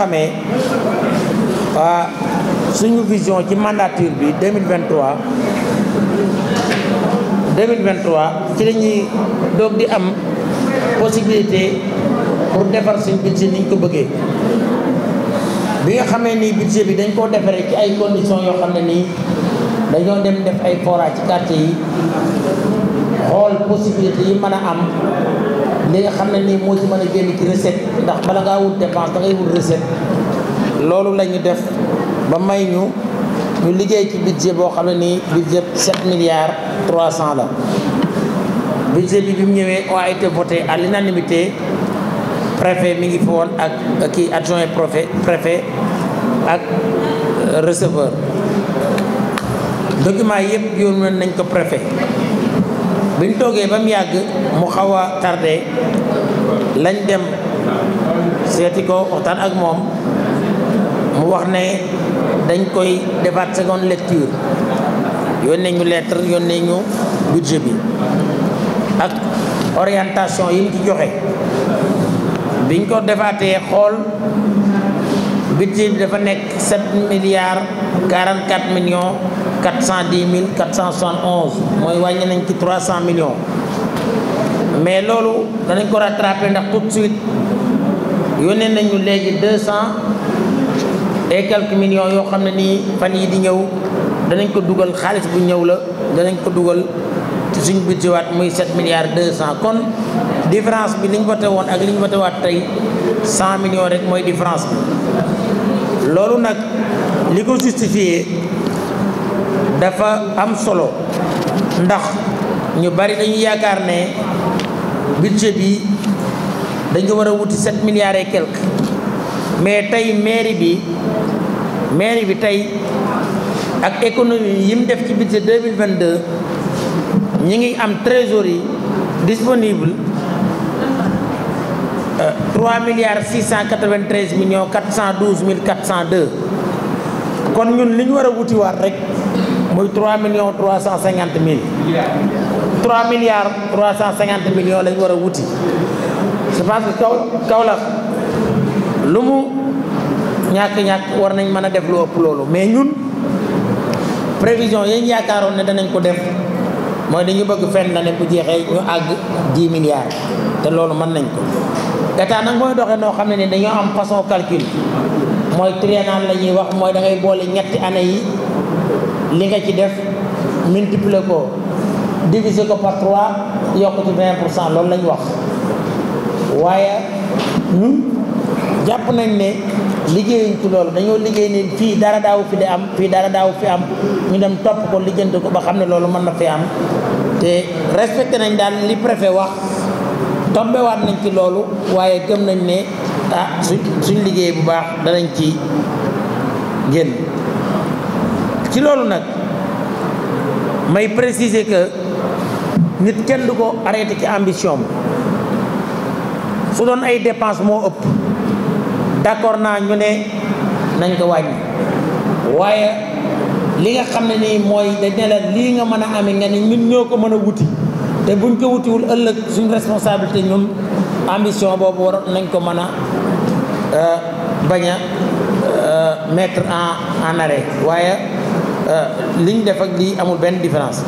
xamee waa ah, suñu vision ci mandature bi 2023 2023 ci la ñuy doog di am possibilité pour defar suñ budget ni ñu ko bëggee bi nga xamee nii budget bi dañ koo defaree ci ay conditions yoo xam ne nii dañoo dem def ay forage ci quartier yi xool possibilité yi mën a am li nga xam ne nii moo ci mën a génn ci recette ndax bala ngaa wut dépense da ngay wut recette loolu la def ba may ñu ñu liggéey ci budget boo xam ne ni nii budget 7 trois 300 la budget bi bi mu ñëwee on a été voté à l'unanimité préfet mi ngi fi woon ak kii adjoint préfet préfet ak euh, receveur document yëpp yónnee nañ ko préfet biñ toogee ba mu yàgg mu xaw a tardé lañ dem seeti ko waxtaan ak moom mu wax ne dañ koy defaat seconde lecture yoon yónnee ñu lettre yónnee ñu budget bi ak orientation yi mu joxe biñ ko defaatee xool budget bi dafa nekk 7 milliards 44 millions 410 mille 471 mooy wàññi nañ ci 300 millions mais loolu danañ ko rattrapé ndax tout de suite yónnee nañu léegi 200 et quelques millions yoo xam ne nii fan yi di ñëw danañ ko dugal xaalis bu ñëw la danañ ko dugal ci suñ budget waat muy 7 milliards 200 kon différence bi li ñu woon ak li ñu voté waat tey 100 millions rek mooy différence bi loolu nag li ko justifié. dafa am solo ndax ñu bari dañu yaakaar ne budget bi dañu war a wuti sept milliards et quelque mais tey maire bi maire bi tey ak économie yi mu def ci budget deux mille vingt deux ñu ngi am trésorerie disponible euh, trois milliards six cent quatre vingt treize cent douze mille quatre cent deux kon ñun li ñu war a wutiwaat rek. muy 3 millions 350 mille 3 milliards 350 millions lañ war a wuti je pense que kaw Kaolack lu mu ñàkk-ñàkk war nañ mën a def lu mais ñun prévision yi ñu yaakaaroon ne danañ ko def mooy dañu bëgg fenn na ne bu jeexee ñu àgg 10 milliards te loolu mën nañ ko état nag mooy doxee noo xam ne ni dañoo am façon calcul mooy triennal la ñuy wax mooy da ngay boole ñetti année yi li nga ci def multiplier ko diviser ko par 3 yokk ci pour cent loolu lañu wax waaye ñun jàpp nañ ne liggéeyuñ ci loolu dañoo liggéey ne fii dara daaw fi de am fii dara daawu fi am ñu dem topp ko lijjanti ko ba xam ne loolu mën na fi am te respecté nañ daal li préfet wax tombewaat nañ ci loolu waaye gëm nañ ne ah suñ suñ liggéey bu baax danañ ci génn ci loolu nag may préciser que nit kenn du ko arrêté ci ambition su doon ay dépense moo ëpp d'accord naa ñu ne nañ ko wàññi waaye li nga xam ne nii mooy dañ ne la lii nga mën a amee nga ni ñun ñoo ko mën a wuti te buñ ko wutiwul ëllëg suñ responsabilité ñun ambition boobu war nañ ko mën a euh, bañ a euh, mettre en en waaye Euh, liñ def ak lii amul benn différence